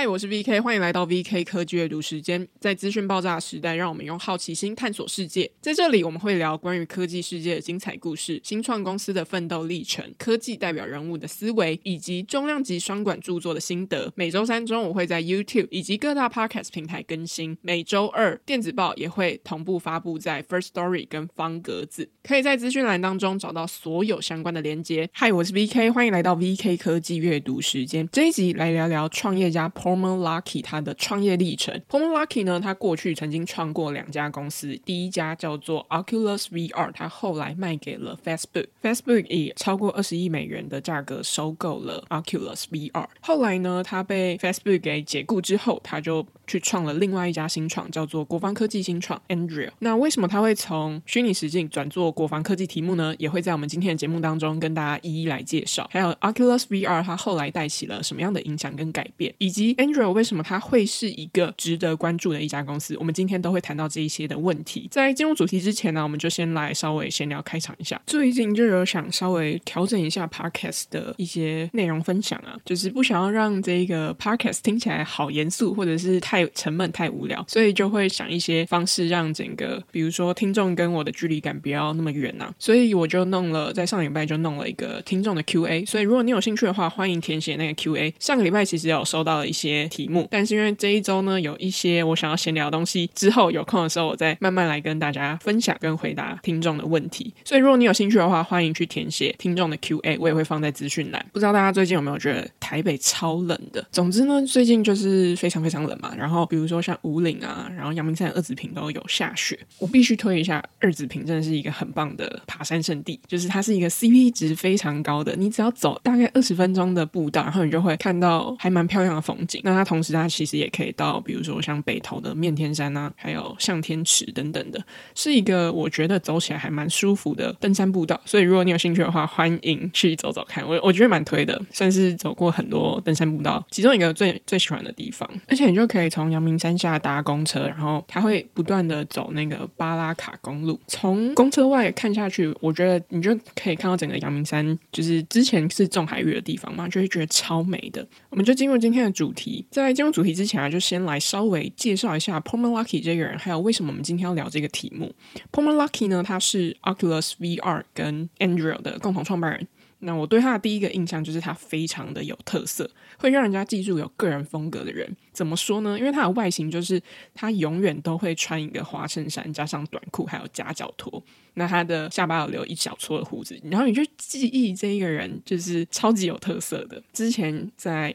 嗨，Hi, 我是 VK，歡迎來到 VK 科技閱讀時間。在資訊爆炸的時代，讓我們用好奇心探索世界。在這裡，我們會聊關於科技世界的精彩故事、新創公司的奮鬥歷程、科技代表人物的思維，以及重量級雙管著作的心得。每週三中午我會在 YouTube 以及各大 Podcast 平台更新，每週二電子報也會同步發佈在 First Story 跟方格子，可以在資訊欄當中找到所有相關的連接。嗨，我是 VK，歡迎來到 VK 科技閱讀時間。這一集來聊聊創業家。Palmer Luckey 他的創業歷程。Palmer Luckey 呢，他過去曾經創過兩家公司，第一家叫做 Oculus VR，他後來賣給了 Facebook。Facebook 以超過二十億美元的價格收購了 Oculus VR。後來呢，他被 Facebook 給解雇之後，他就去創了另外一家新創，叫做國防科技新創 Anduril。那為什麼他會從虛擬實境轉做國防科技題目呢？也會在我們今天的節目當中跟大家一一來介紹。還有 Oculus VR 他後來帶起了什麼樣的影響跟改變，以及 Anduril 為什麼它會是一個值得關注的一家公司？我們今天都會談到這一些的問題。在進入主題之前呢、啊，我們就先來稍微閒聊開場一下。最近就有想稍微調整一下 Podcast 的一些內容分享啊，就是不想要讓這個 Podcast 聽起來好嚴肅或者是太沉悶、太無聊，所以就會想一些方式讓整個，比如說聽眾跟我的距離感不要那麼遠啊。所以我就弄了，在上禮拜就弄了一個聽眾的 QA。所以如果你有興趣的話，歡迎填寫那個 QA。上個禮拜其實有收到了一些。些題目，但是因為這一周呢，有一些我想要閒聊的東西，之後有空的時候，我再慢慢來跟大家分享跟回答聽眾的問題。所以，如果你有興趣的話，歡迎去填寫聽眾的 Q&A，我也會放在資訊欄。不知道大家最近有沒有覺得台北超冷的？總之呢，最近就是非常非常冷嘛。然後，比如說像武嶺啊，然後陽明山、二子坪都有下雪。我必須推一下二子坪，真的是一個很棒的爬山聖地，就是它是一個 CP 值非常高的。你只要走大概二十分鐘的步道，然後你就會看到還蠻漂亮的風景。那它同時，它其實也可以到，比如說像北投的面天山啊，還有向天池等等的，是一個我覺得走起來還蠻舒服的登山步道。所以如果你有興趣的話，歡迎去走走看。我我覺得蠻推的，算是走過很多登山步道，其中一個最最喜歡的地方。而且你就可以從陽明山下搭公車，然後它會不斷的走那個巴拉卡公路。從公車外看下去，我覺得你就可以看到整個陽明山，就是之前是種海芋的地方嘛，就會、是、覺得超美的。我們就進入今天的主題。在進入主題之前啊，就先來稍微介紹一下 Palmer Luckey 這個人，還有為什麼我們今天要聊這個題目。Palmer Luckey 呢，他是 Oculus VR 跟 Anduril 的共同創辦人。那我對他的第一個印象就是他非常的有特色，會讓人家記住有個人風格的人。怎麼說呢？因為他的外形就是他永遠都會穿一個花襯衫，加上短褲，還有夾腳拖。那他的下巴有留一小撮的鬍子，然後你就記憶這一個人就是超級有特色的。之前在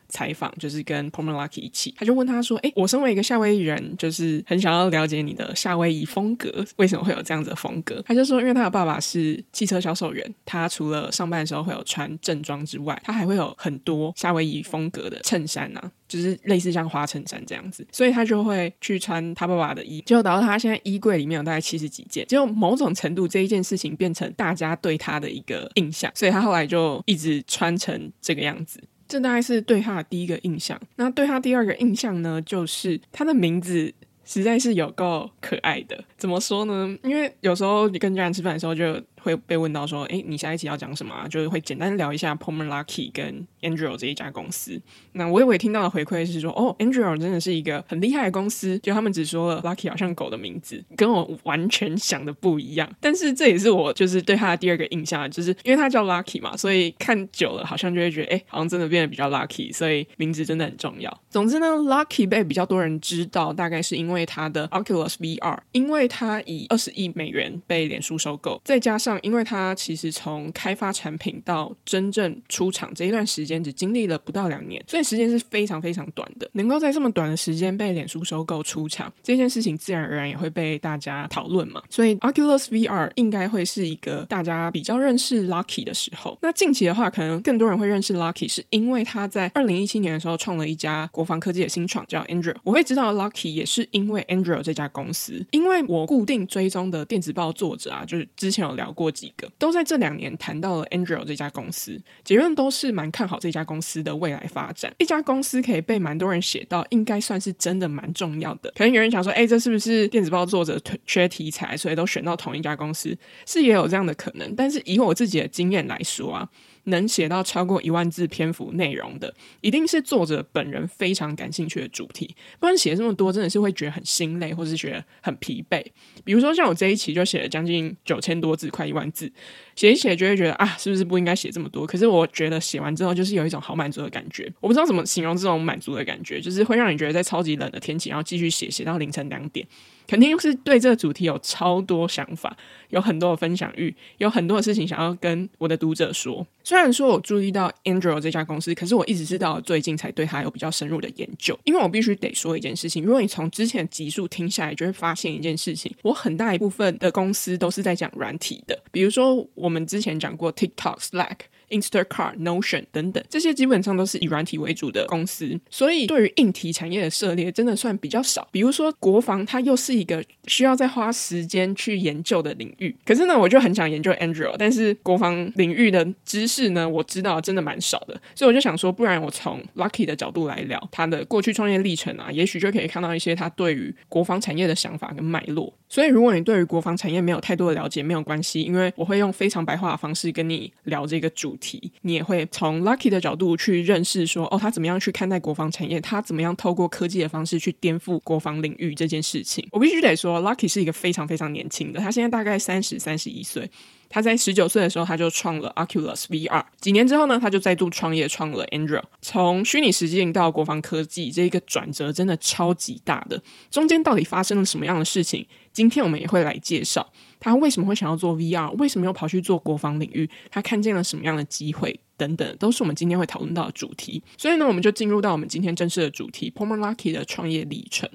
採訪就是跟 Palmer Luckey 一起，他就問他說：“哎、欸，我身為一個夏威夷人，就是很想要了解你的夏威夷風格，為什麼會有這樣子的風格？”他就說：“因為他的爸爸是汽車銷售員，他除了上班的時候會有穿正裝之外，他還會有很多夏威夷風格的襯衫吶、啊，就是類似像花襯衫這樣子，所以他就會去穿他爸爸的衣，結果導致他現在衣櫃裡面有大概七十幾件。結果某種程度這一件事情變成大家對他的一個印象，所以他後來就一直穿成這個樣子。”這大概是對他的第一個印象。那對他第二個印象呢？就是他的名字實在是有夠可愛的。怎麼說呢？因為有時候你跟家人吃飯的時候就。會被問到說：“哎，你下一集要講什麼啊？”就是會簡單聊一下 Palmer Luckey 跟 Anduril 這一家公司。那我以為也會聽到的回饋是說：“哦，Anduril 真的是一個很厲害的公司。”就他們只說了 Lucky 好像狗的名字，跟我完全想的不一樣。但是這也是我就是對他的第二個印象，就是因為他叫 Lucky 嘛，所以看久了好像就會覺得，哎，好像真的變得比較 Lucky。所以名字真的很重要。總之呢，Lucky 被比較多人知道，大概是因為他的 Oculus VR，因為他以二十億美元被臉書收購，再加上。因為他其實從開發產品到真正出廠這一段時間，只經歷了不到兩年，所以時間是非常非常短的。能夠在這麼短的時間被臉書收購出廠，這件事情自然而然也會被大家討論嘛。所以 Oculus VR 應該會是一個大家比較認識 Luckey 的時候。那近期的話，可能更多人會認識 Luckey，是因為他在二零一七年的時候創了一家國防科技的新創叫 Anduril。我會知道 Luckey 也是因為 Anduril 這家公司，因為我固定追蹤的電子報作者啊，就是之前有聊過。過幾個都在這兩年談到了 Anduril 這家公司，結論都是蠻看好這家公司的未來發展。一家公司可以被蠻多人寫到，應該算是真的蠻重要的。可能有人想說，哎、欸，這是不是電子報作者缺題材，所以都選到同一家公司？是也有這樣的可能。但是以我自己的經驗來說啊。能寫到超過一萬字篇幅內容的，一定是作者本人非常感興趣的主題。不然寫這麼多，真的是會覺得很心累，或是覺得很疲憊。比如說像我這一期就寫了將近九千多字，快一萬字，寫一寫就會覺得啊，是不是不應該寫這麼多？可是我覺得寫完之後就是有一種好滿足的感覺。我不知道怎麼形容這種滿足的感覺，就是會讓你覺得在超級冷的天氣，然後繼續寫，寫到凌晨兩點。肯定又是對這個主題有超多想法，有很多的分享欲，有很多的事情想要跟我的讀者說。雖然說我注意到 Anduril 這家公司，可是我一直直到最近才對它有比較深入的研究。因為我必須得說一件事情，如果你從之前的集數聽下來，就會發現一件事情：我很大一部分的公司都是在講軟體的，比如說我們之前講過 TikTok Slack。Instacart、Inst Notion 等等，這些基本上都是以軟體為主的公司，所以對於硬體產業的涉獵，真的算比較少。比如說國防，它又是一個需要再花時間去研究的領域。可是呢，我就很想研究 Anduril，但是國防領域的知識呢，我知道真的蠻少的，所以我就想說，不然我從 Luckey 的角度來聊他的過去創業歷程啊，也許就可以看到一些他對於國防產業的想法跟脈絡。所以，如果你對於國防產業沒有太多的了解，沒有關係，因為我會用非常白話的方式跟你聊這個主題。你也會從 Luckey 的角度去認識說，說哦，他怎麼樣去看待國防產業？他怎麼樣透過科技的方式去顛覆國防領域這件事情？我必須得說，Luckey 是一個非常非常年輕的，他現在大概三十、三十一歲。他在十九歲的時候，他就創了 Oculus VR。幾年之後呢，他就再度創業，創了 Anduril。從虛擬實境到國防科技，這一個轉折真的超級大的。中間到底發生了什麼樣的事情？今天我們也會來介紹。他為什麼會想要做 VR，為什麼又跑去做國防領域，他看見了什麼樣的機會等等，都是我們今天會討論到的主題。所以呢，我們就進入到我們今天正式的主題，Palmer Luckey 的創業歷程。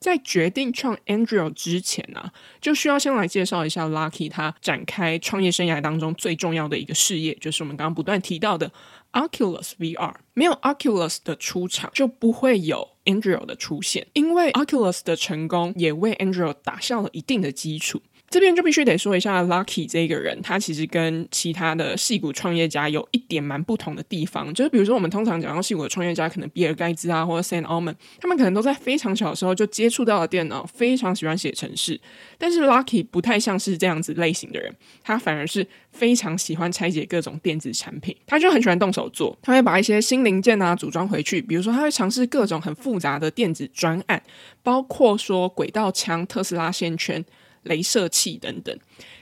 在決定創 Anduril 之前呢、啊，就需要先來介紹一下 Luckey 他展開創業生涯當中最重要的一個事業，就是我們剛剛不斷提到的 Oculus VR。沒有 Oculus 的出場，就不會有 Anduril 的出現，因為 Oculus 的成功也為 Anduril 打下了一定的基礎。這邊就必須得說一下，Luckey 這個人，他其實跟其他的硅谷創業家有一點蠻不同的地方，就是比如說我們通常講到硅谷創業家，可能比爾蓋茨啊，或者 Sam Altman，他們可能都在非常小的時候就接觸到了電腦，非常喜歡寫程式，但是 Luckey 不太像是這樣子類型的人，他反而是非常喜歡拆解各種電子產品，他就很喜歡動手做，他會把一些新零件啊組裝回去，比如說他會嘗試各種很複雜的電子專案，包括說軌道槍、特斯拉線圈。雷射器等等，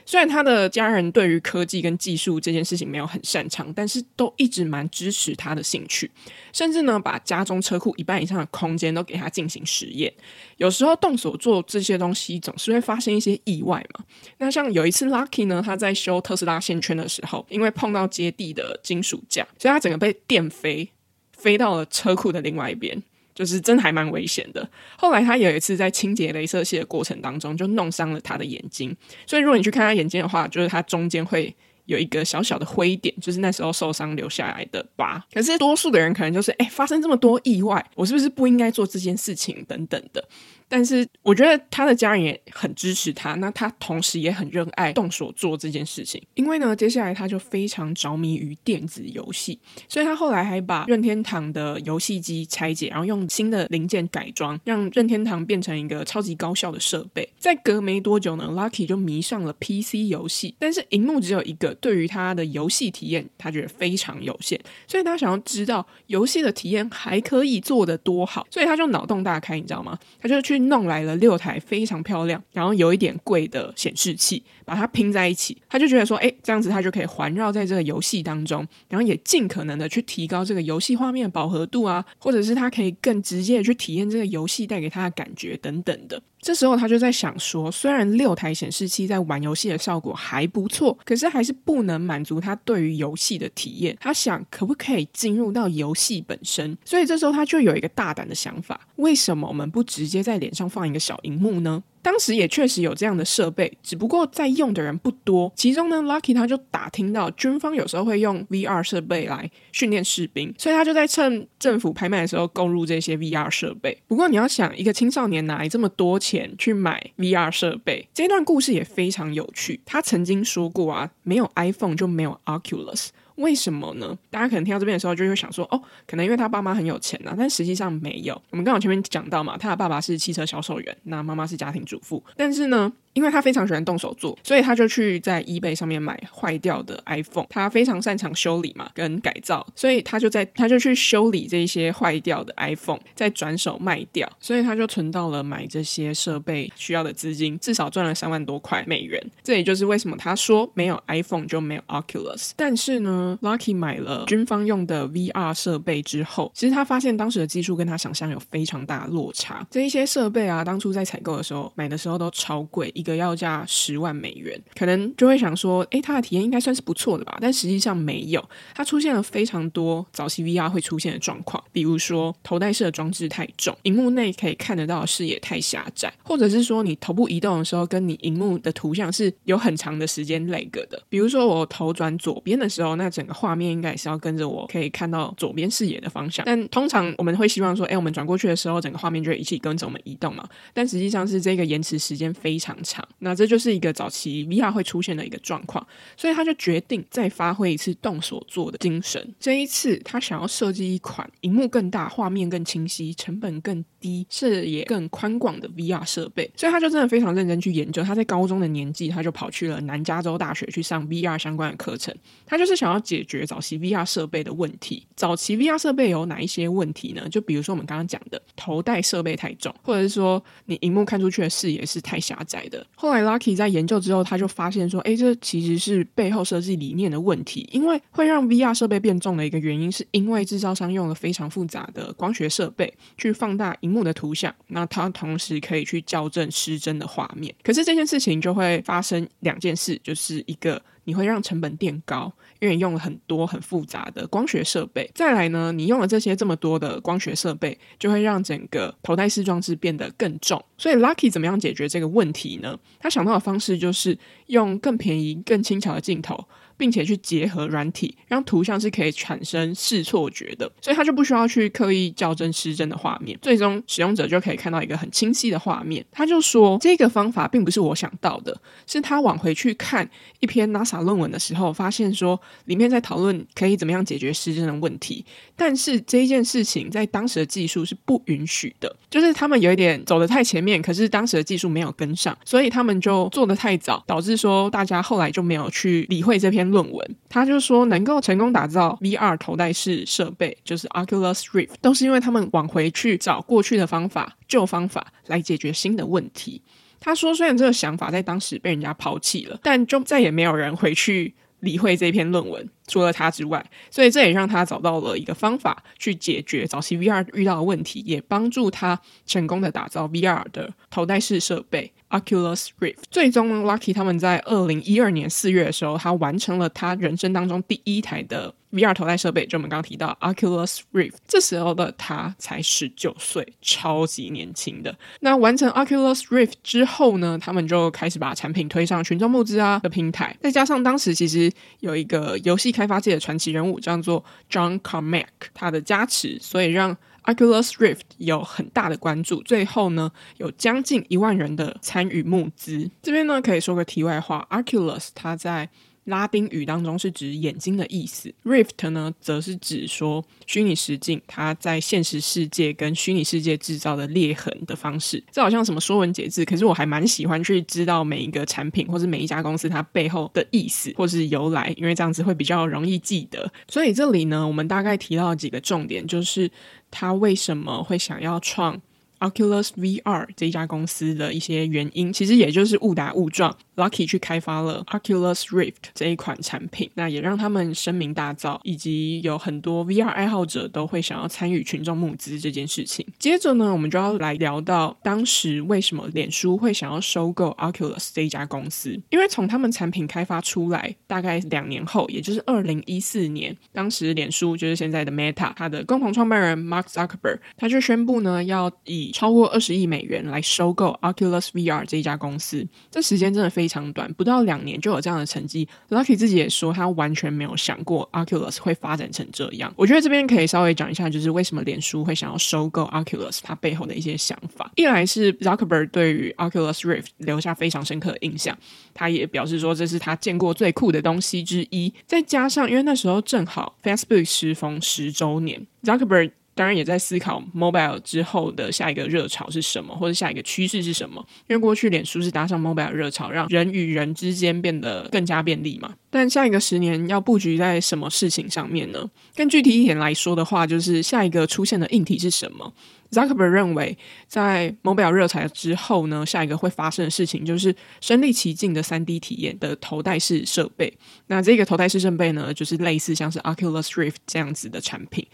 雖然他的家人對於科技跟技術這件事情沒有很擅長，但是都一直蠻支持他的興趣，甚至呢把家中車庫一半以上的空間都給他進行實驗。有時候動手做這些東西總是會發生一些意外嘛。那像有一次，Luckey 呢他在修特斯拉線圈的時候，因為碰到接地的金屬架，所以他整個被電飛，飛到了車庫的另外一邊。就是真的還蠻危險的。後來他有一次在清潔鐳射器的過程當中，就弄傷了他的眼睛。所以如果你去看他眼睛的話，就是他中間會有一個小小的灰點，就是那時候受傷留下來的疤。可是多數的人可能就是，哎、欸，發生這麼多意外，我是不是不應該做這件事情等等的。但是我覺得他的家人也很支持他，那他同時也很熱愛動手做這件事情。因為呢，接下來他就非常着迷於電子遊戲，所以他後來還把任天堂的遊戲機拆解，然後用新的零件改裝，讓任天堂變成一個超級高效的設備。再隔沒多久呢，Luckey 就迷上了 PC 遊戲，但是熒幕只有一個，對於他的遊戲體驗，他覺得非常有限，所以他想要知道遊戲的體驗還可以做得多好，所以他就腦洞大開，你知道嗎？他就去。弄來了六台非常漂亮，然後有一點貴的顯示器，把它拼在一起，他就覺得說，誒，這樣子他就可以環繞在這個遊戲當中，然後也盡可能的去提高這個遊戲畫面的飽和度啊，或者是他可以更直接的去體驗這個遊戲帶給他的感覺等等的。這時候他就在想說，雖然六台顯示器在玩遊戲的效果還不錯，可是還是不能滿足他對於遊戲的體驗。他想，可不可以進入到遊戲本身？所以這時候他就有一個大膽的想法：為什麼我們不直接在臉上放一個小熒幕呢？當時也確實有這樣的設備，只不過在用的人不多。其中呢，Luckey 他就打聽到軍方有時候會用 VR 設備來訓練士兵，所以他就在趁政府拍賣的時候購入這些 VR 設備。不過你要想，一個青少年哪來這麼多錢去買 VR 設備？這段故事也非常有趣。他曾經說過啊，沒有 iPhone 就沒有 Oculus。為什麼呢？大家可能聽到這邊的時候就會想說，哦，可能因為他爸媽很有錢啊，但實際上沒有。我們剛好前面講到嘛，他的爸爸是汽車銷售員，那媽媽是家庭主婦，但是呢。因為他非常喜歡動手做，所以他就去在 eBay 上面買壞掉的 iPhone。他非常擅長修理嘛，跟改造，所以他就在他就去修理這些壞掉的 iPhone，再轉手賣掉，所以他就存到了買這些設備需要的資金，至少賺了三萬多塊美元。這也就是為什麼他說沒有 iPhone 就沒有 Oculus。但是呢，Luckey 買了軍方用的 VR 設備之後，其實他發現當時的技術跟他想象有非常大的落差。這一些設備啊，當初在採購的時候，買的時候都超貴。一個要價十萬美元，可能就會想說，欸，它的體驗應該算是不錯的吧？但實際上沒有，它出現了非常多早期 VR 會出現的狀況，比如說頭戴式的裝置太重，熒幕內可以看得到的視野太狹窄，或者是說你頭部移動的時候，跟你熒幕的圖像是有很長的時間 lag 的。比如說我頭轉左邊的時候，那整個畫面應該也是要跟着我可以看到左邊視野的方向。但通常我們會希望說，欸，我們轉過去的時候，整個畫面就會一起跟着我們移動嘛？但實際上是這個延遲時間非常。那這就是一個早期 VR 會出現的一個狀況，所以他就決定再發揮一次動手做的精神。這一次他想要設計一款螢幕更大、畫面更清晰、成本更低、視野更寬廣的 VR 設備。所以他就真的非常認真去研究。他在高中的年紀，他就跑去了南加州大學去上 VR 相關的課程。他就是想要解決早期 VR 設備的問題。早期 VR 設備有哪一些問題呢？就比如說我們剛剛講的頭戴設備太重，或者是說你熒幕看出去的視野是太狹窄的。後來，Luckey 在研究之後，他就發現說：“誒，這其實是背後設計理念的問題。因為會讓 VR 設備變重的一個原因，是因為製造商用了非常複雜的光學設備去放大熒幕的圖像，那它同時可以去校正失真的畫面。可是這件事情就會發生兩件事，就是一個你會讓成本墊高。”因為用了很多很複雜的光學設備，再來呢，你用了這些這麼多的光學設備，就會讓整個頭戴式裝置變得更重。所以，Luckey 怎麼樣解決這個問題呢？他想到的方式就是用更便宜、更輕巧的鏡頭。並且去結合軟體，讓圖像是可以產生視錯覺的，所以他就不需要去刻意校正失真的畫面。最終使用者就可以看到一個很清晰的畫面。他就說，這個方法並不是我想到的，是他往回去看一篇 NASA 論文的時候，發現說裡面在討論可以怎麼樣解決失真的問題。但是這一件事情在當時的技術是不允許的，就是他們有一點走得太前面，可是當時的技術沒有跟上，所以他們就做得太早，導致說大家後來就沒有去理會這篇。論文，他就說能夠成功打造 VR 頭戴式設備，就是 Oculus Rift，都是因為他們往回去找過去的方法、舊方法來解決新的問題。他說，雖然這個想法在當時被人家拋棄了，但就再也沒有人回去理會這篇論文。除了他之外，所以這也讓他找到了一個方法去解決早期 VR 遇到的問題，也幫助他成功的打造 VR 的頭戴式設備 Oculus Rift。最終呢，Luckey 他們在二零一二年四月的時候，他完成了他人生當中第一台的 VR 頭戴設備，就我們剛剛提到 Oculus Rift。這時候的他才十九歲，超級年輕的。那完成 Oculus Rift 之後呢，他們就開始把產品推上群眾募資啊的平台，再加上當時其實有一個遊戲。開發界的傳奇人物，叫做 John Carmack，他的加持，所以讓 Oculus Rift 有很大的關注。最後呢，有將近一萬人的參與募資。這邊呢，可以說個題外話，Oculus 他在拉丁語當中是指眼睛的意思，Rift 呢，則是指說虛擬實境它在現實世界跟虛擬世界製造的裂痕的方式。這好像什麼說文解字，可是我還蠻喜歡去知道每一個產品或是每一家公司它背後的意思或是由來，因為這樣子會比較容易記得。所以這裡呢，我們大概提到幾個重點，就是它為什麼會想要創。Oculus VR 這一家公司的一些原因，其實也就是誤打誤撞，Luckey 去開發了 Oculus Rift 這一款產品，那也讓他們聲名大噪，以及有很多 VR 愛好者都會想要參與群眾募資這件事情。接着呢，我們就要來聊到當時為什麼臉書會想要收購 Oculus 這家公司，因為從他們產品開發出來大概兩年後，也就是二零一四年，當時臉書就是現在的 Meta，它的共同創辦人 Mark Zuckerberg 他就宣布呢要以超過二十億美元來收購 Oculus VR 這一家公司，這時間真的非常短，不到兩年就有這樣的成績。Luckey 自己也說，他完全沒有想過 Oculus 會發展成這樣。我覺得這邊可以稍微講一下，就是為什麼臉書會想要收購 Oculus，它背後的一些想法。一來是 Zuckerberg 對於 Oculus Rift 留下非常深刻的印象，他也表示說這是他見過最酷的東西之一。再加上因為那時候正好 Facebook 時逢十周年，Zuckerberg。Zucker 當然也在思考 mobile 之後的下一個熱潮是什麼，或者下一個趨勢是什麼。因為過去臉書是搭上 mobile 熱潮，讓人與人之間變得更加便利嘛。但下一個十年要布局在什麼事情上面呢？更具體一點來說的話，就是下一個出現的硬體是什麼？Zuckerberg 認為，在 mobile 熱潮之後呢，下一個會發生的事情就是身歷其境的三 D 體驗的頭戴式設備。那這個頭戴式設備呢，就是類似像是 Oculus Rift 這樣子的產品。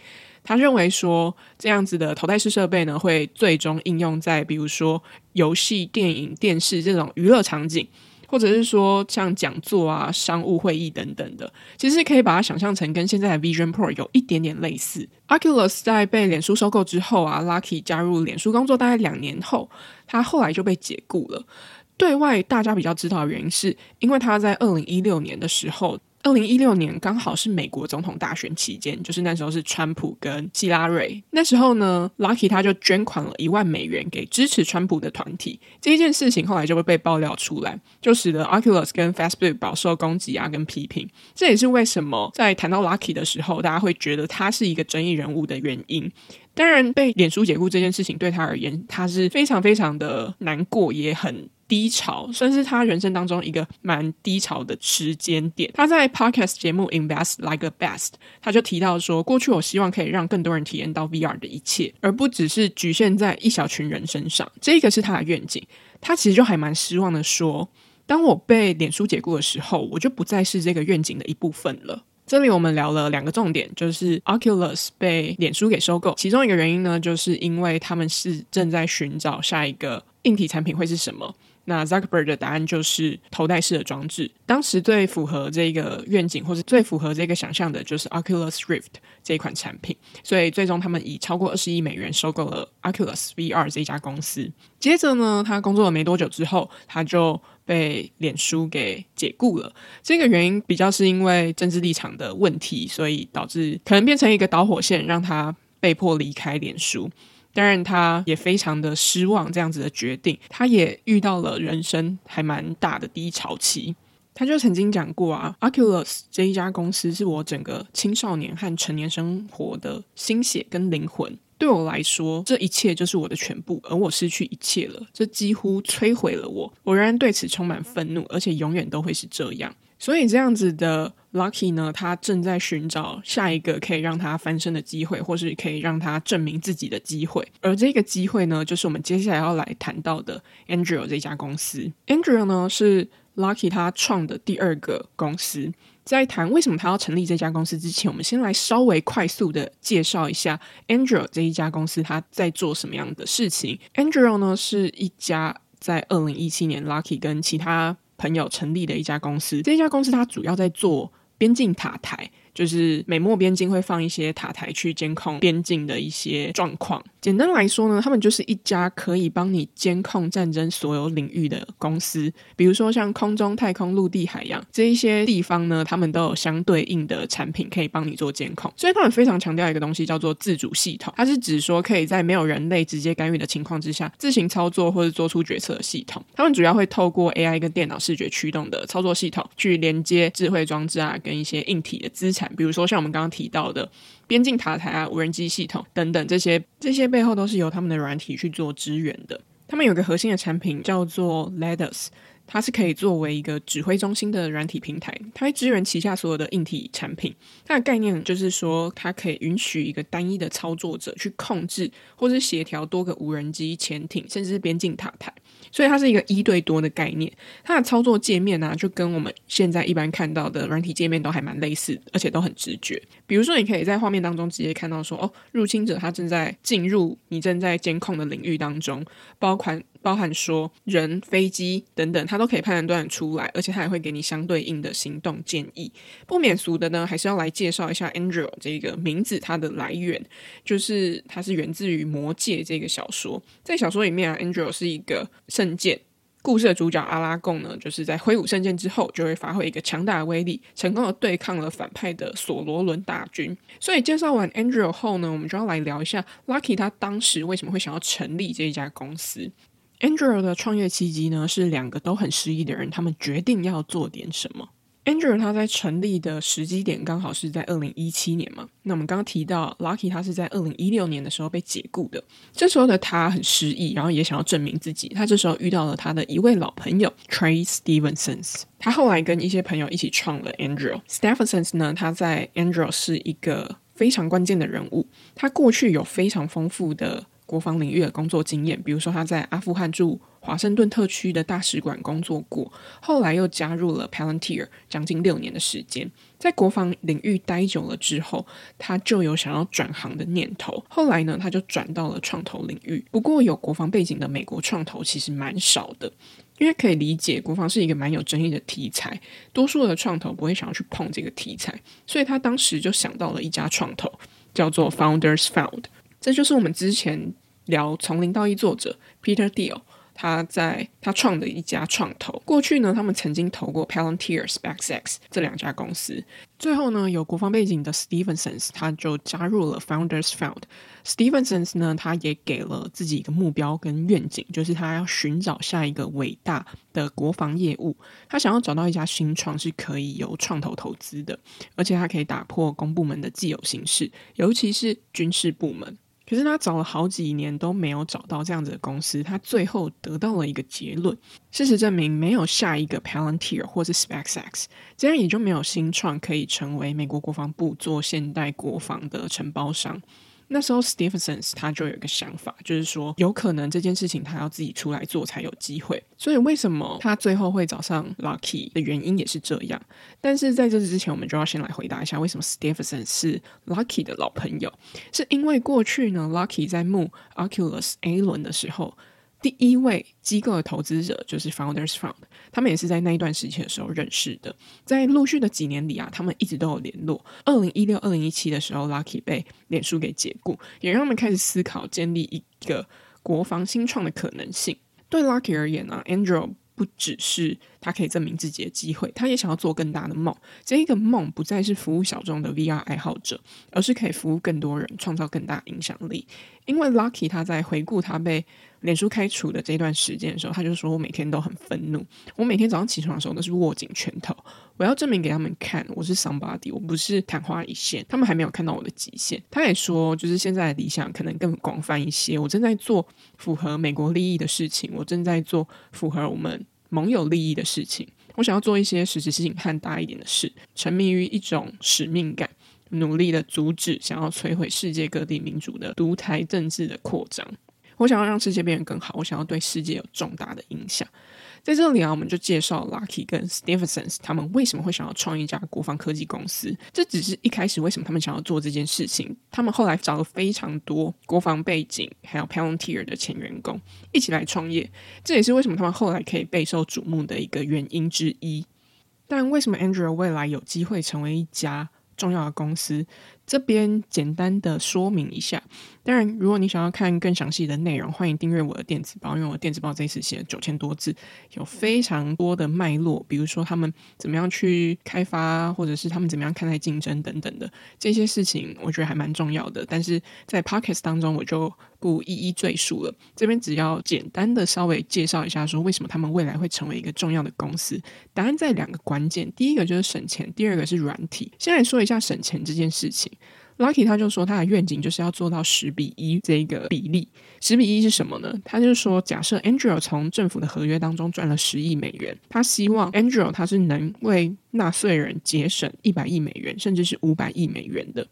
他認為說，這樣子的頭戴式設備呢，會最終應用在比如說遊戲、電影、電視這種娛樂場景，或者是說像講座啊、商務會議等等的。其實可以把它想象成跟現在的 Vision Pro 有一點點類似。Oculus 在被臉書收購之後啊，Luckey 加入臉書工作大概兩年後，他後來就被解雇了。對外大家比較知道的原因是因為他在二零一六年的時候，二零一六年剛好是美國總統大選期間，就是那時候是川普跟希拉瑞。那時候呢，Luckey 他就捐款了一萬美元給支持川普的團體。這一件事情後來就會被爆料出來，就使得 Oculus 跟 Facebook 飽受攻擊啊，跟批評。這也是為什麼在談到 Luckey 的時候，大家會覺得他是一個爭議人物的原因。當然，被臉書解雇這件事情對他而言，他是非常非常的難過，也很。低潮，算是他人生當中一個蠻低潮的時間點。他在 Podcast 節目《Invest Like the Best》他就提到說，過去我希望可以讓更多人體驗到 VR 的一切，而不只是局限在一小群人身上。這個是他的願景。他其實就還蠻失望的說，當我被臉書解雇的時候，我就不再是這個願景的一部分了。這裡我們聊了兩個重點，就是 Oculus 被臉書給收購，其中一個原因呢，就是因為他們是正在尋找下一個硬體產品會是什麼。那 Zuckerberg 的答案就是頭戴式的裝置，當時最符合這個願景或是最符合這個想象的就是 Oculus Rift 這一款產品，所以最終他們以超過二十億美元收購了 Oculus VR 這家公司。接着呢，他工作了沒多久之後，他就被臉書給解僱了。這個原因比較是因為政治立場的問題，所以導致可能變成一個導火線，讓他被迫離開臉書。當然，他也非常的失望這樣子的決定，他也遇到了人生還蠻大的低潮期。他就曾經講過啊，Oculus 這一家公司是我整個青少年和成年生活的心血跟靈魂，對我來說，這一切就是我的全部，而我失去一切了，這幾乎摧毀了我。我仍然對此充滿憤怒，而且永遠都會是這樣。所以這樣子的 Luckey 呢，他正在尋找下一個可以讓他翻身的機會，或是可以讓他證明自己的機會。而這個機會呢，就是我們接下來要來談到的 Anduril 這家公司。Anduril 呢是 Luckey 他創的第二個公司。在談為什麼他要成立這家公司之前，我們先來稍微快速的介紹一下 Anduril 這一家公司他在做什麼樣的事情。Anduril 呢是一家在二零一七年 Luckey 跟其他朋友成立的一家公司，這家公司它主要在做邊境塔台。就是美墨邊境會放一些塔台去監控邊境的一些狀況。簡單來說呢，他們就是一家可以幫你監控戰爭所有領域的公司。比如說像空中、太空、陸地、海洋這一些地方呢，他們都有相對應的產品可以幫你做監控。所以他們非常強調一個東西叫做自主系統，它是指說可以在沒有人類直接干預的情況之下自行操作或者做出決策的系統。他們主要會透過 AI 跟電腦視覺驅動的操作系統去連接智慧裝置啊，跟一些硬體的資產。比如說，像我們剛剛提到的邊境塔台啊、無人機系統等等，這些這些背後都是由他們的軟體去做支援的。他們有一個核心的產品叫做 Lattice。它是可以作為一個指揮中心的軟體平台，它會支援旗下所有的硬體產品。它的概念就是說，它可以允許一個單一的操作者去控制或是協調多個無人機、潛艇，甚至是邊境塔台。所以它是一個一對多的概念。它的操作界面呢、啊，就跟我們現在一般看到的軟體界面都還蠻類似，而且都很直覺。比如說，你可以在畫面當中直接看到說，哦，入侵者他正在進入你正在監控的領域當中，包括。包含說人、飛機等等，他都可以判斷出來，而且他還會給你相對應的行動建議。不免俗的呢，還是要來介紹一下 Anduril 這個名字它的來源，就是它是源自於《魔戒》這個小說。在小說裡面啊，Anduril 是一個聖劍，故事的主角阿拉貢呢，就是在揮舞聖劍之後，就會發揮一個強大的威力，成功的對抗了反派的索羅倫大軍。所以介紹完 Anduril 後呢，我們就要來聊一下 Luckey 他當時為什麼會想要成立這一家公司。Anduril 的創業契機呢，是兩個都很失意的人，他們決定要做點什麼。Anduril 他在成立的時機點剛好是在二零一七年嘛。那我們剛剛提到，Luckey 他是在二零一六年的時候被解雇的，這時候的他很失意，然後也想要證明自己。他這時候遇到了他的一位老朋友 Trace Stevenson。他後來跟一些朋友一起創了 Anduril。Stephenson 呢，他在 Anduril 是一個非常關鍵的人物，他過去有非常豐富的。國防領域的工作經驗，比如說他在阿富汗駐華盛頓特區的大使館工作過，後來又加入了 Palantir，將近六年的時間，在國防領域待久了之後，他就有想要轉行的念頭。後來呢，他就轉到了創投領域。不過，有國防背景的美國創投其實蠻少的，因為可以理解，國防是一個蠻有爭議的題材，多數的創投不會想要去碰這個題材。所以他當時就想到了一家創投，叫做 Founders Fund。這就是我們之前聊從零到一作者 Peter Thiel，他在他創的一家創投，過去呢，他們曾經投過 Palantir、SpaceX 這兩家公司。最後呢，有國防背景的 Stevenson 他就加入了 Founders Fund。Stevenson 呢，他也給了自己一個目標跟願景，就是他要尋找下一個偉大的國防業務。他想要找到一家新創是可以由創投投資的，而且他可以打破公部門的既有形式，尤其是軍事部門。可是他找了好幾年都沒有找到這樣子的公司，他最後得到了一個結論：事實證明，沒有下一個 Palantir 或是 SpaceX，這樣也就沒有新創可以成為美國國防部做現代國防的承包商。那時候，Stevenson 他就有一個想法，就是說有可能這件事情他要自己出來做才有機會。所以，為什麼他最後會找上 Luckey 的原因也是這樣。但是在這之前，我們就要先來回答一下，為什麼 Stevenson 是 Luckey 的老朋友？是因為過去呢，Luckey 在募 Oculus A 輪的時候。第一位機構的投資者就是 Founders Fund，他們也是在那一段時期的時候認識的。在陸續的幾年裡啊，他們一直都有聯絡。二零一六、二零一七的時候，Luckey 被臉書給解雇，也讓他們開始思考建立一個國防新創的可能性。對 Luckey 而言呢，Anduril 不只是他可以證明自己的機會，他也想要做更大的夢。這個夢不再是服務小眾的 VR 愛好者，而是可以服務更多人，創造更大影響力。因為 Luckey 他在回顧他被臉書開除的這段時間的時候，他就說，我每天都很憤怒，我每天早上起床的時候都是握緊拳頭，我要證明給他們看，我是 somebody，我不是曇花一現，他們還沒有看到我的極限。他也說，就是現在的理想可能更廣泛一些，我正在做符合美國利益的事情，我正在做符合我們盟友利益的事情，我想要做一些實質性、很大一點的事，沉迷於一種使命感，努力的阻止想要摧毀世界各地民主的獨裁政治的擴張。我想要讓世界變得更好，我想要對世界有重大的影響。在這裡啊，我們就介紹 Luckey 跟 Stephenson 他們為什麼會想要創一家國防科技公司。這只是一開始為什麼他們想要做這件事情。他們後來找了非常多國防背景還有 Palantir 的前員工一起來創業，這也是為什麼他們後來可以備受矚目的一個原因之一。但為什麼 Anduril 未來有機會成為一家重要的公司？這邊簡單的說明一下，當然，如果你想要看更詳細的內容，歡迎訂閱我的電子報，因為我的電子報這一次寫了九千多字，有非常多的脈絡，比如說他們怎麼樣去開發，或者是他們怎麼樣看待競爭等等的這些事情，我覺得還蠻重要的。但是在 podcast 當中，我就不一一贅述了。這邊只要簡單的稍微介紹一下，說為什麼他們未來會成為一個重要的公司，答案在兩個關鍵，第一個就是省錢，第二個是軟體。先來說一下省錢這件事情。Luckey，他就說他的願景就是要做到十比一這個比例。十比一是什麼呢？他就說，假設 Anduril 從政府的合約當中賺了十億美元，他希望 Anduril 他是能為納稅人節省一百億美元，甚至是五百億美元的。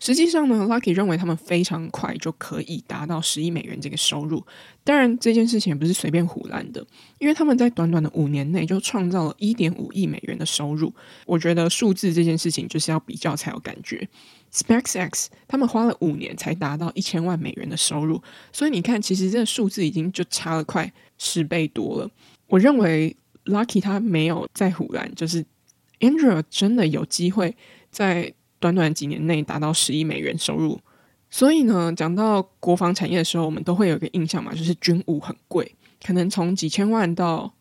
實際上呢，Luckey 認為他們非常快就可以達到十億美元這個收入。當然，這件事情也不是隨便胡亂的，因為他們在短短的五年內就創造了一點五億美元的收入。我覺得數字這件事情就是要比較才有感覺。SpaceX 他們花了五年才達到一千萬美元的收入，所以你看，其實這個數字已經就差了快十倍多了。我認為 Luckey 他沒有在唬爛，就是 Anduril 真的有機會在短短幾年內達到十億美元收入。所以呢，講到國防產業的時候，我們都會有一個印象嘛，就是軍武很貴，可能從幾千萬到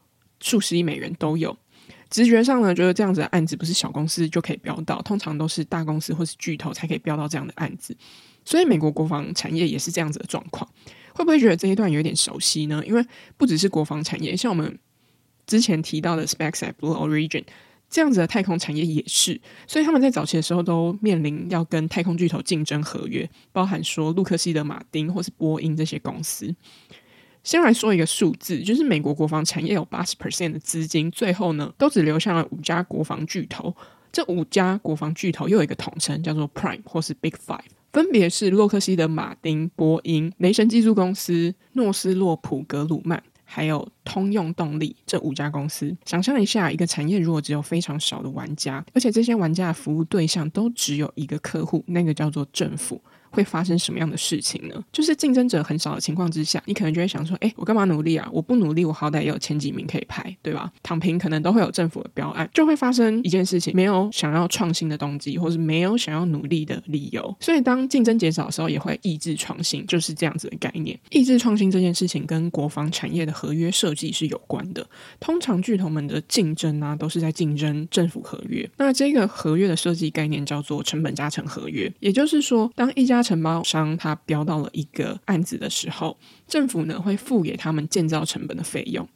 數十億美元都有。直覺上呢，覺得這樣子的案子不是小公司就可以標到，通常都是大公司或是巨頭才可以標到這樣的案子。所以美國國防產業也是這樣子的狀況。會不會覺得這一段有點熟悉呢？因為不只是國防產業，像我們之前提到的 SpaceX、Blue Origin 這樣子的太空產業也是。所以他們在早期的時候都面臨要跟太空巨頭競爭合約，包含說洛克希德·馬丁或是波音這些公司。先來說一個數字，就是美國國防產業有八十 percent 的資金，最後呢，都只留下了五家國防巨頭。這五家國防巨頭又有一個統稱，叫做 Prime 或是 Big Five，分別是洛克希德·馬丁、波音、雷神技術公司、諾斯洛普·格魯曼，還有通用動力這五家公司。想象一下，一個產業如果只有非常少的玩家，而且這些玩家的服務對象都只有一個客戶，那個叫做政府。會發生什麼樣的事情呢？就是競爭者很少的情況之下，你可能就會想說：“哎，我幹嘛努力啊？我不努力，我好歹也有前幾名可以排，對吧？躺平可能都會有政府的標案。”就會發生一件事情，沒有想要創新的動機，或是沒有想要努力的理由。所以，當競爭減少的時候，也會抑制創新，就是這樣子的概念。抑制創新這件事情跟國防產業的合約設計是有關的。通常巨頭們的競爭啊，都是在競爭政府合約。那這個合約的設計概念叫做成本加成合約，也就是說，當一家承包商他標到了一個案子的時候，政府呢會付給他們建造成本的費用，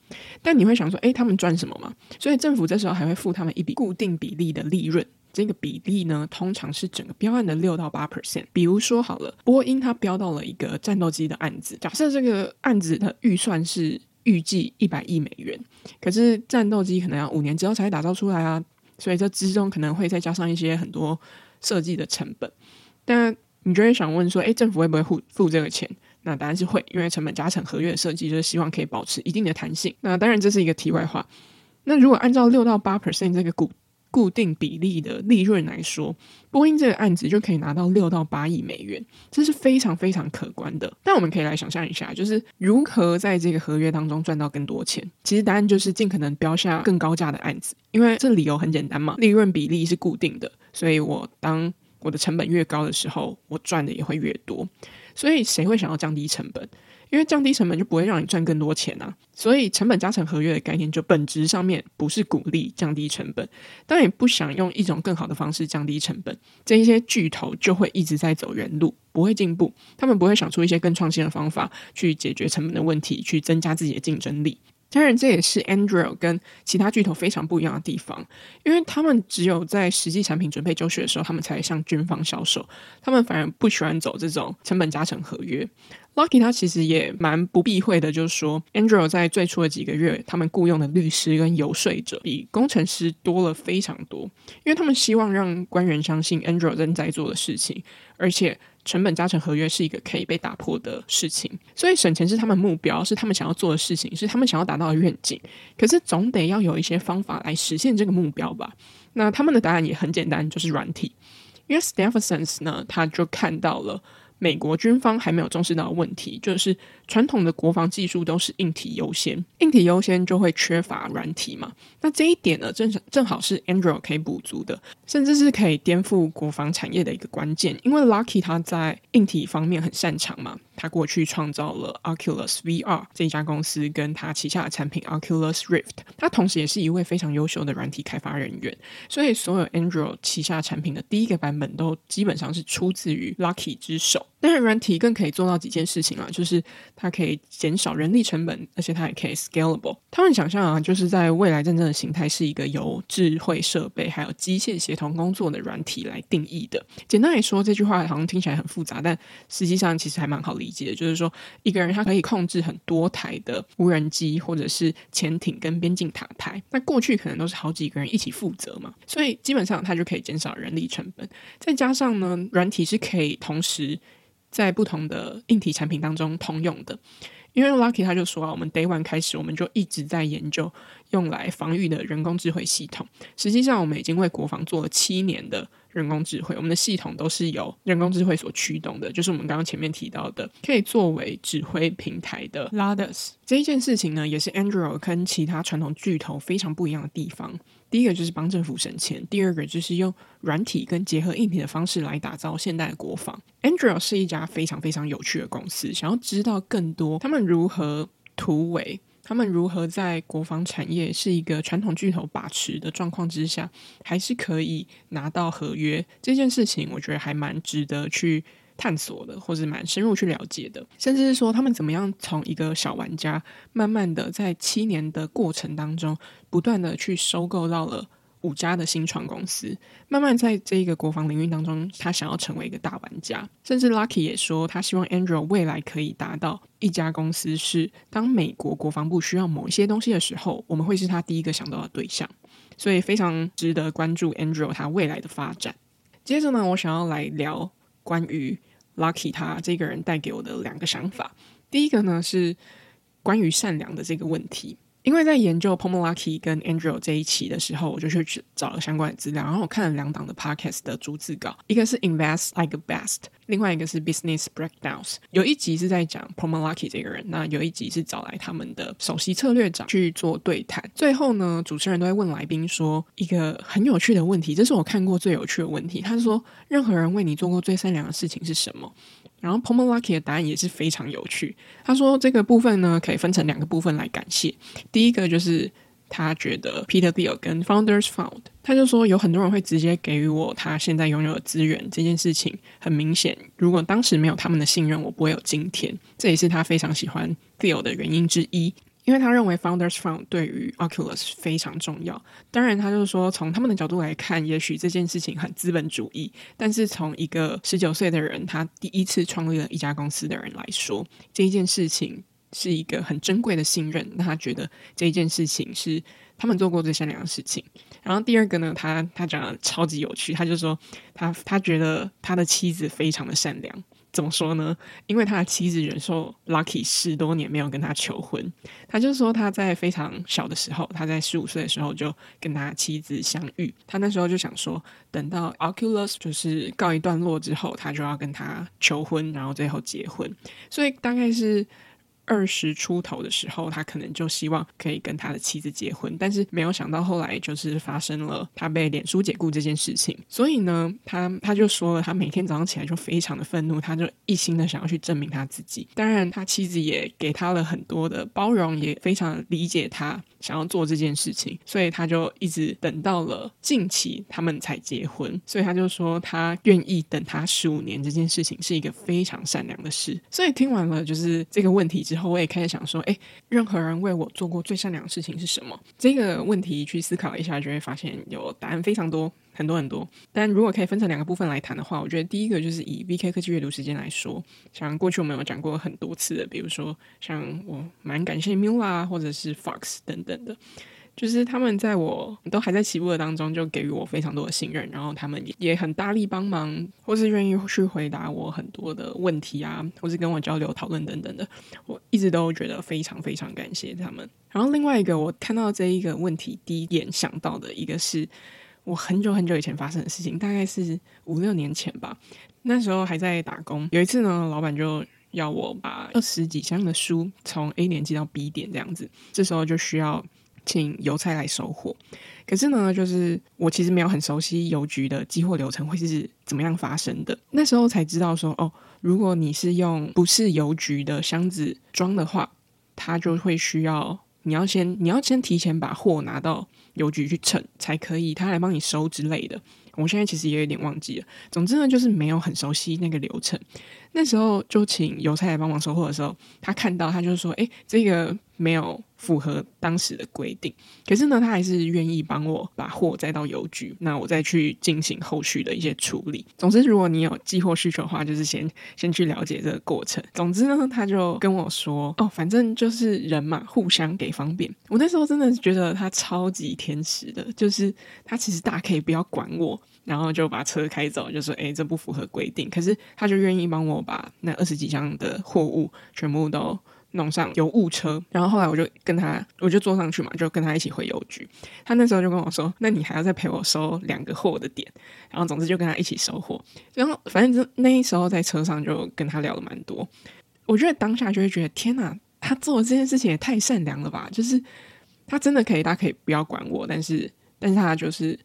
但你會想說，誒，他們賺什麼嗎？所以政府這時候還會付他們一筆固定比例的利潤，這個比例呢通常是整個標案的六到八 percent。比如說好了，波音他標到了一個戰鬥機的案子，假設這個案子的預算是預計一百億美元，可是戰鬥機可能要五年之後才會打造出來啊，所以這之中可能會再加上一些很多設計的成本，但。你就會想問說：“哎，政府會不會付付這個錢？”那答案是會，因為成本加成合約的設計就是希望可以保持一定的彈性。那當然這是一個題外話。那如果按照六到八 percent 這個固固定比例的利潤來說，波音這個案子就可以拿到六到八億美元，這是非常非常可觀的。但我們可以來想象一下，就是如何在這個合約當中賺到更多錢。其實答案就是盡可能標下更高價的案子，因為這理由很簡單嘛，利潤比例是固定的，所以我當。我的成本越高的時候，我賺的也會越多，所以誰會想要降低成本？因為降低成本就不會讓你賺更多錢啊！所以成本加成合約的概念，就本質上面不是鼓勵降低成本。當你不想用一種更好的方式降低成本，這些巨頭就會一直在走原路，不會進步。他們不會想出一些更創新的方法去解決成本的問題，去增加自己的競爭力。當然，這也是 Anduril 跟其他巨頭非常不一樣的地方，因為他們只有在實際產品準備就緒的時候，他們才向軍方銷售。他們反而不喜歡走這種成本加成合約。Luckey 他其實也蠻不避諱的，就是說，Anduril 在最初的幾個月，他們僱傭的律師跟遊說者比工程師多了非常多，因為他們希望讓官員相信 Anduril 正在做的事情，而且。成本加成合約是一個可以被打破的事情，所以省錢是他們目標，是他們想要做的事情，是他們想要達到的願景。可是總得要有一些方法來實現這個目標吧？那他們的答案也很簡單，就是軟體。因為 Stephenson 呢，他就看到了。美國軍方還沒有重視到的問題，就是傳統的國防技術都是硬體優先，硬體優先就會缺乏軟體嘛。那這一點呢，正正好是 Anduril 可以補足的，甚至是可以顛覆國防產業的一個關鍵。因為 Luckey 他在硬體方面很擅長嘛，他過去創造了 Oculus VR 這家公司，跟他旗下的產品 Oculus Rift，他同時也是一位非常優秀的軟體開發人員，所以所有 Anduril 旗下產品的第一個版本都基本上是出自於 Luckey 之手。但是軟體更可以做到幾件事情啊，就是它可以減少人力成本，而且它也可以 scalable。他們想象啊，就是在未來戰爭的形態是一個由智慧設備還有機械協同工作的軟體來定義的。簡單來說，這句話好像聽起來很複雜，但實際上其實還蠻好理解的。就是說，一個人他可以控制很多台的無人機或者是潛艇跟邊境塔台。那過去可能都是好幾個人一起負責嘛，所以基本上它就可以減少人力成本。再加上呢，軟體是可以同時。在不同的硬體產品當中通用的，因為 Luckey 他就說啊，我們 Day One 開始我們就一直在研究用來防御的人工智慧系統。實際上，我們已經為國防做了七年的人工智慧，我們的系統都是由人工智慧所驅動的，就是我們剛剛前面提到的可以作為指揮平台的 Lattice。這一件事情呢，也是 Anduril 跟其他傳統巨頭非常不一樣的地方。第一個就是幫政府省錢，第二個就是用軟體跟結合硬體的方式來打造現代的國防。Anduril 是一家非常非常有趣的公司，想要知道更多他們如何突圍，他們如何在國防產業是一個傳統巨頭把持的狀況之下，還是可以拿到合約這件事情，我覺得還蠻值得去探索的，或者蠻深入去了解的，甚至是說他們怎麼樣從一個小玩家，慢慢的在七年的過程當中，不斷的去收購到了五家的新創公司，慢慢在這一個國防領域當中，他想要成為一個大玩家。甚至 Luckey 也說，他希望 Anduril 未來可以達到一家公司，是當美國國防部需要某一些東西的時候，我們會是他第一個想到的對象。所以非常值得關注 Anduril 他未來的發展。接着呢，我想要來聊關於。Luckey，他這個人帶給我的兩個想法，第一個呢是關於善良的這個問題。因為在研究 Palmer Luckey 跟 Anduril 這一期的時候，我就去找了相關的資料，然後我看了兩檔的 Podcast 的逐字稿，一個是 Invest Like Best，另外一個是 Business Breakdowns。有一集是在講 Palmer Luckey 這個人，那有一集是找來他們的首席策略長去做對談。最後呢，主持人都會問來賓說一個很有趣的問題，這是我看過最有趣的問題。他是說：“任何人為你做過最善良的事情是什麼？”然後，Palmer Luckey 的答案也是非常有趣。他說，這個部分呢，可以分成兩個部分來感謝。第一個就是他覺得 Peter Thiel 跟 Founders Found，他就說有很多人會直接給予我他現在擁有的資源。這件事情很明顯，如果當時沒有他們的信任，我不會有今天。這也是他非常喜歡 Thiel 的原因之一。因為他認為 Founders Fund 對於 Oculus 非常重要，當然他就是說，從他們的角度來看，也許這件事情很資本主義，但是從一個十九歲的人，他第一次創立了一家公司的人來說，這一件事情是一個很珍貴的信任，那他覺得這一件事情是他們做過最善良的事情。然後第二個呢，他他講的超級有趣，他就說他他覺得他的妻子非常的善良。怎麼說呢？因為他的妻子忍受 Luckey 十多年沒有跟他求婚，他就說他在非常小的時候，他在十五歲的時候就跟他妻子相遇。他那時候就想說，等到 Oculus 就是告一段落之後，他就要跟他求婚，然後最後結婚。所以大概是。二十出頭的時候，他可能就希望可以跟他的妻子結婚，但是沒有想到後來就是發生了他被臉書解雇這件事情。所以呢，他他就說了，他每天早上起來就非常的憤怒，他就一心的想要去證明他自己。當然，他妻子也給他了很多的包容，也非常理解他。想要做這件事情，所以他就一直等到了近期他們才結婚，所以他就說他願意等他十五年這件事情是一個非常善良的事。所以聽完了就是這個問題之後，我也開始想說，哎、欸，任何人為我做過最善良的事情是什麼？這個問題去思考一下，就會發現有答案非常多。很多很多，但如果可以分成兩個部分來談的話，我覺得第一個就是以 VK 科技閱讀時間來說，像過去我們有講過很多次的，比如說像我蠻感謝 Mula 或者是 Fox 等等的，就是他們在我都還在起步的當中，就給予我非常多的信任，然後他們也也很大力幫忙，或是願意去回答我很多的問題啊，或是跟我交流討論等等的，我一直都覺得非常非常感謝他們。然後另外一個我看到這一個問題，第一點想到的一個是。我很久很久以前發生的事情，大概是五六年前吧。那時候還在打工，有一次呢，老板就要我把二十幾箱的書從 A 點寄到 B 點，這樣子。這時候就需要請郵差來收貨。可是呢，就是我其實沒有很熟悉郵局的寄貨流程會是怎麼樣發生的。那時候才知道說，哦，如果你是用不是郵局的箱子裝的話，它就會需要。你要先，你要先提前把貨拿到郵局去稱，才可以他來幫你收之類的。我現在其實也有點忘記了，總之呢，就是沒有很熟悉那個流程。那時候就請郵差來幫忙收貨的時候，他看到他就說：“哎，這個沒有符合當時的規定。”可是呢，他還是願意幫我把貨載到郵局，那我再去進行後續的一些處理。總之，如果你有寄貨需求的話，就是先先去了解這個過程。總之呢，他就跟我說：“哦，反正就是人嘛，互相給方便。”我那時候真的是覺得他超級天使的，就是他其實大可以不要管我，然後就把車開走，就說：“哎，這不符合規定。”可是他就願意幫我。把那二十幾箱的貨物全部都弄上郵務車，然後後來我就跟他，我就坐上去嘛，就跟他一起回郵局。他那時候就跟我說：“那你還要再陪我收兩個貨的點。”然後總之就跟他一起收貨。然後反正就那時候在車上就跟他聊了蠻多。我覺得當下就會覺得天哪、啊，他做這件事情也太善良了吧！就是他真的可以，他可以不要管我，但是但是他就是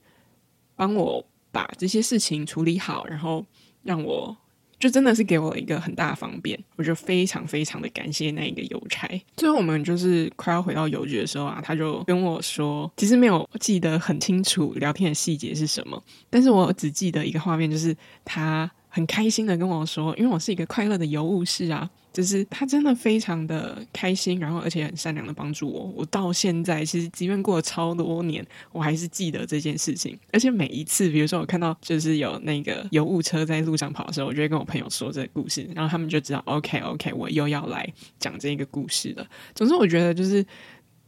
幫我把這些事情處理好，然後讓我。就真的是給我一個很大方便，我就非常非常的感謝那一個郵差。最後我們就是快要回到郵局的時候啊，他就跟我說，其實沒有記得很清楚聊天的細節是什麼，但是我只記得一個畫面，就是他很開心的跟我說，因為我是一個快樂的郵務士啊。就是他真的非常的開心，然後而且很善良的幫助我。我到現在其實即便過了超多年，我還是記得這件事情。而且每一次，比如說我看到就是有那個油污車在路上跑的時候，我就會跟我朋友說這個故事，然後他們就知道 OK OK，我又要來講這個故事了。總之，我覺得就是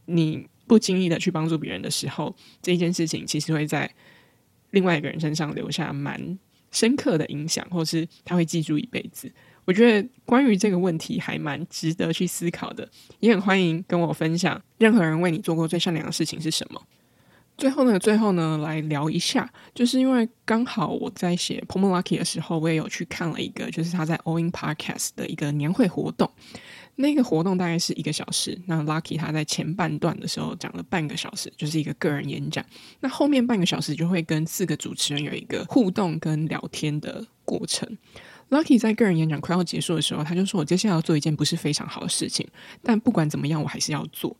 你不經意的去幫助別人的時候，這件事情其實會在另外一個人身上留下蠻深刻的影響，或是他會記住一輩子。我覺得關於這個問題還蠻值得去思考的，也很歡迎跟我分享任何人為你做過最善良的事情是什麼。最後呢，最後呢，來聊一下，就是因為剛好我在寫《Palmer Luckey》的時候，我也有去看了一個，就是他在 All In Podcast 的一個年會活動。那個活動大概是一個小時，那 Lucky 他在前半段的時候講了半個小時，就是一個個人演講。那後面半個小時就會跟四個主持人有一個互動跟聊天的過程。Luckey 在個人演講快要結束的時候，他就說：“我接下來要做一件不是非常好的事情，但不管怎麼樣，我還是要做。”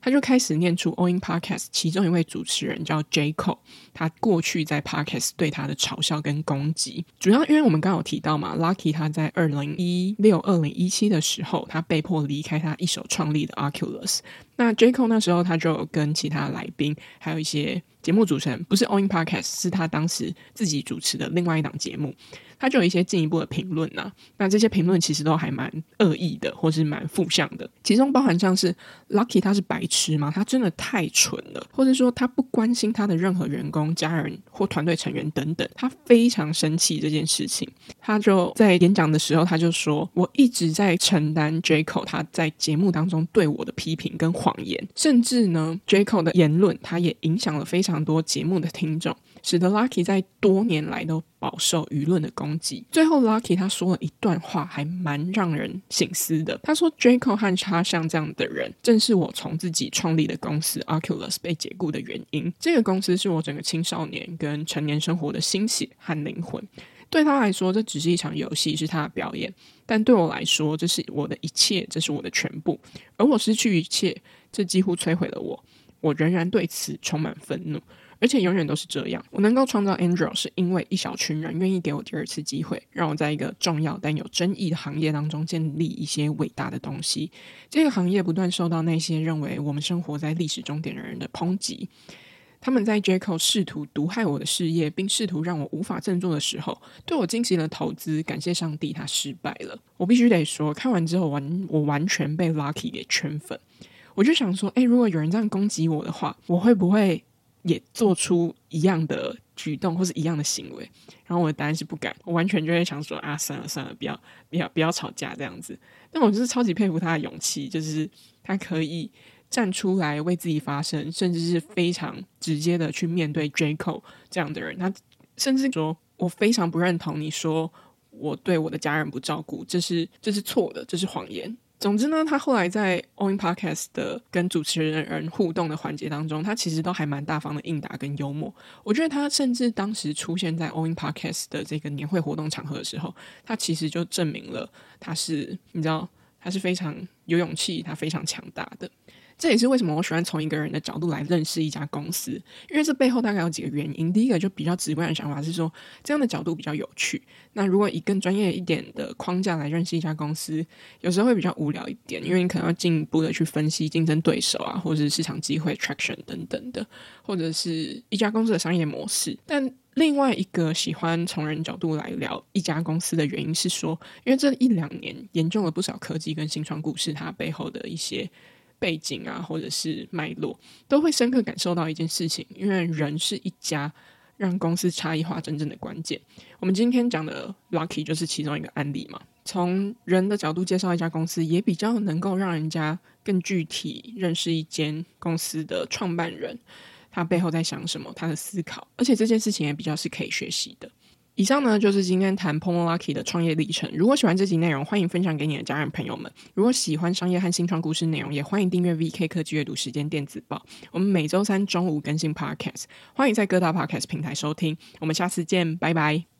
他就開始念出 Owing Podcast 其中一位主持人叫 Jaco 他過去在 Podcast 對他的嘲笑跟攻擊，主要因為我們剛剛有提到嘛，Lucky 他在二零一六、二零一七的時候，他被迫離開他一手創立的 Oculus。那 Jaco 那時候他就有跟其他來賓，還有一些節目主持人，不是 Owing Podcast，是他當時自己主持的另外一檔節目，他就有一些進一步的評論吶。那這些評論其實都還蠻惡意的，或是蠻負向的，其中包含像是 Lucky 他是白。是嗎？他真的太蠢了，或者說他不關心他的任何員工、家人或團隊成員等等。他非常生氣這件事情，他就在演講的時候，他就說：“我一直在承擔 Jaco 他在節目當中對我的批評跟謊言，甚至呢，Jaco 的言論他也影響了非常多節目的聽眾。”使得 Luckey 在多年來都飽受輿論的攻擊。最後，Luckey 他說了一段話，還蠻讓人省思的。他說：“Jacob 和他像這樣的人，正是我從自己創立的公司 Oculus 被解雇的原因。這個公司是我整個青少年跟成年生活的心血和靈魂。對他來說，這只是一場遊戲，是他的表演。但對我來說，這是我的一切，這是我的全部。而我失去一切，這幾乎摧毀了我。我仍然對此充滿憤怒。”而且永遠都是這樣。我能夠創造 Anduril，是因為一小群人願意給我第二次機會，讓我在一個重要但有爭議的行業當中建立一些偉大的東西。這個行業不斷受到那些認為我們生活在歷史終點的人的抨擊。他們在 Jaco 試圖毒害我的事業，並試圖讓我無法振作的時候，對我進行了投資。感謝上帝，他失敗了。我必須得說，看完之後完，我完全被 Luckey 給圈粉。我就想說，誒，如果有人這樣攻擊我的話，我會不會？也做出一樣的舉動或是一樣的行為，然後我的答案是不敢。我完全就會想說啊，算了算了，不要不要不要吵架這樣子。但我就是超級佩服他的勇氣，就是他可以站出來為自己發聲，甚至是非常直接的去面對 Jaco 這樣的人。他甚至說，我非常不認同你說我對我的家人不照顧，這是這是錯的，這是謊言。總之呢，他後來在 Owen Podcast 的跟主持人人互動的環節當中，他其實都還蠻大方的應答跟幽默。我覺得他甚至當時出現在 Owen Podcast 的這個年會活動場合的時候，他其實就證明了他是，你知道，他是非常有勇氣，他非常強大的。這也是為什麼我喜歡從一個人的角度來認識一家公司，因為這背後大概有幾個原因。第一個就比較直觀的想法是說，這樣的角度比較有趣。那如果以更專業一點的框架來認識一家公司，有時候會比較無聊一點，因為你可能要進一步的去分析競爭對手啊，或者是市場機會、traction 等等的，或者是一家公司的商業模式。但另外一個喜歡從人角度來聊一家公司的原因是說，因為這一兩年研究了不少科技跟新創故事，它背後的一些。背景啊，或者是脈絡，都會深刻感受到一件事情，因為人是一家，讓公司差異化真正的關鍵。我們今天講的 Luckey 就是其中一個案例嘛。從人的角度介紹一家公司，也比較能夠讓人家更具體認識一間公司的創辦人，他背後在想什麼，他的思考，而且這件事情也比較是可以學習的。以上呢，就是今天談 Palmer Luckey 的創業歷程。如果喜歡這集內容，歡迎分享給你的家人朋友們。如果喜歡商業和新創故事內容，也歡迎訂閱 VK 科技閱讀時間電子報。我們每周三中午更新 Podcast，歡迎在各大 Podcast 平台收聽。我們下次見，拜拜。